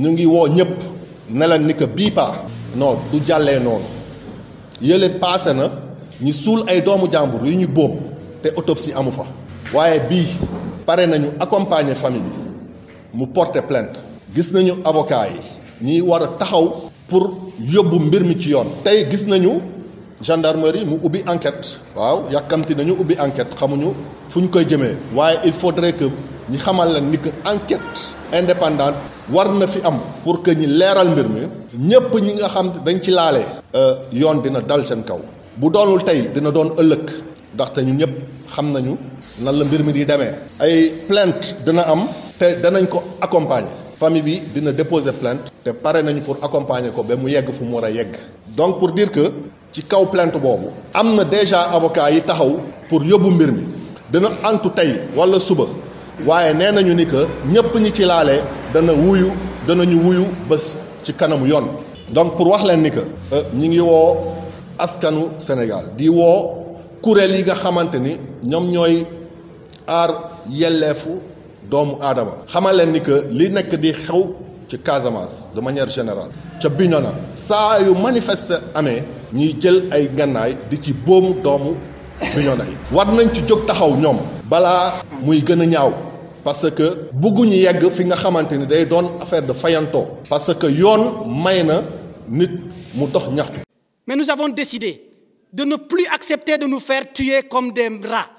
ñu ngi woo ñëpp nela ni que bi pa non du jàllee noonu yële paase na ñu suul ay doomu jàmbur yu ñu bóob te autopsie amu fa waaye bi pare nañu accompagner famille bi mu porter plainte gis nañu avocat yi ñiy war a taxaw pour yóbbu mbir mi ci yoon tey gis nañu gendarmerie mu ubbi enquête waaw yàkkamti nañu ubbi enquête xamuñu fu ñu koy jëmee waaye il faudrait que ñu xamal la ni que enquête indépendante war na fi am pour que ñi leeral mbir mi ñépp ñi nga xam dañ ci laale euh, yoon dina dal seen kaw bu doonul tey dina doon ëllëg ndaxte ñu ñépp xam nañu nan la mbir mi di demee ay plant dina am te danañ ko accompagner famille bi dina déposer plainte te pare nañu pour accompagner ko ba mu yegg fu mu war a yegg donc pour dire que ci kaw plainte boobu am na déjà avocat yi taxaw pour yóbbu mbir mi dina antu tey walla suba waaye nee nañu ni que ñëpp ñi ci laale dana wuyu danañu wuyu bés ci kanamu yoon. donc pour wax leen ni que. Euh, ñi ngi woo askanu Sénégal di woo kuréel yi nga xamante ni ñoom ñooy aar yelleefu doomu aadama. xamal leen ni que li nekk di xew ci Casamance de manière générale. ca Bignona saa yu manifeste ame ñuy jël ay ngannaay di ci boomu doomu Bignona yi. war nañ ci jóg taxaw ñoom. balaa muy gën a ñaaw. parce que yegg fi nga affaire de parce que nit mais nous avons décidé de ne plus accepter de nous faire tuer comme des rats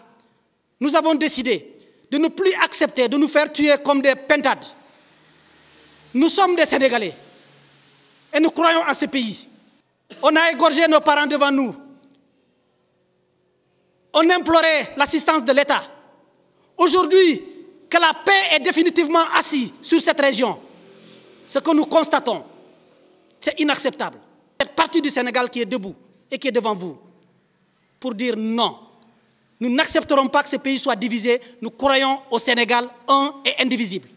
nous avons décidé de ne plus accepter de nous faire tuer comme des pentades... nous sommes des sénégalais et nous croyons en ce pays. on a égorgé nos parents devant nous on implorait l'assistance de l'État aujourd'hui que la paix est définitivement assise sur cette région. Ce que nous constatons, c'est inacceptable. Cette partie du Sénégal qui est debout et qui est devant vous pour dire non. Nous n'accepterons pas que ce pays soit divisé. Nous croyons au Sénégal un et indivisible.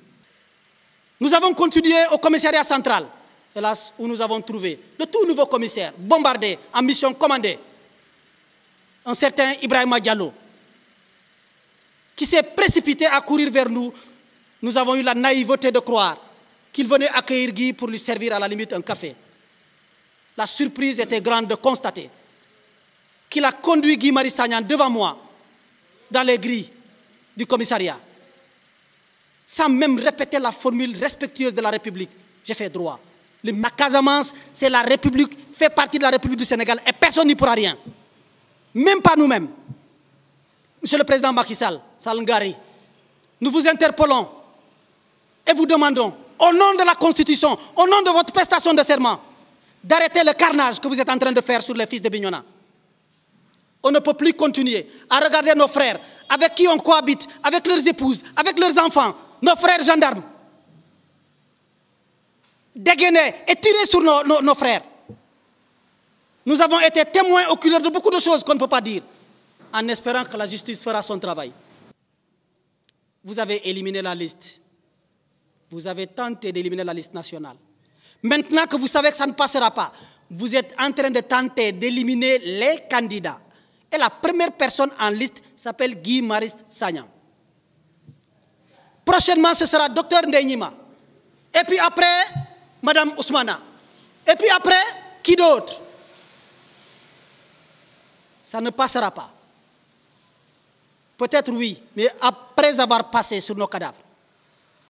Nous avons continué au commissariat central, hélas, où nous avons trouvé le tout nouveau commissaire bombardé en mission commandée, un certain Ibrahim Diallo, qui s'est précipité à courir vers nous, nous avons eu la naïveté de croire qu'il venait accueillir Guy pour lui servir à la limite un café. La surprise était grande de constater qu'il a conduit Guy Marissagnan devant moi dans les grilles du commissariat. Sans même répéter la formule respectueuse de la République, j'ai fait droit. Le Makazamans, c'est la République, fait partie de la République du Sénégal et personne n'y pourra rien. Même pas nous-mêmes. Monsieur le Président Macky Salungari, nous vous interpellons et vous demandons, au nom de la Constitution, au nom de votre prestation de serment, d'arrêter le carnage que vous êtes en train de faire sur les fils de Bignona. On ne peut plus continuer à regarder nos frères avec qui on cohabite, avec leurs épouses, avec leurs enfants, nos frères gendarmes, dégainer et tirer sur nos, nos frères. Nous avons été témoins oculaires de beaucoup de choses qu'on ne peut pas dire en espérant que la justice fera son travail. Vous avez éliminé la liste. Vous avez tenté d'éliminer la liste nationale. Maintenant que vous savez que ça ne passera pas, vous êtes en train de tenter d'éliminer les candidats. Et la première personne en liste s'appelle Guy Marist Sagnan. Prochainement, ce sera Docteur Ndeynima. Et puis après, Madame Ousmana. Et puis après, qui d'autre Ça ne passera pas. Peut-être oui, mais après avoir passé sur nos cadavres.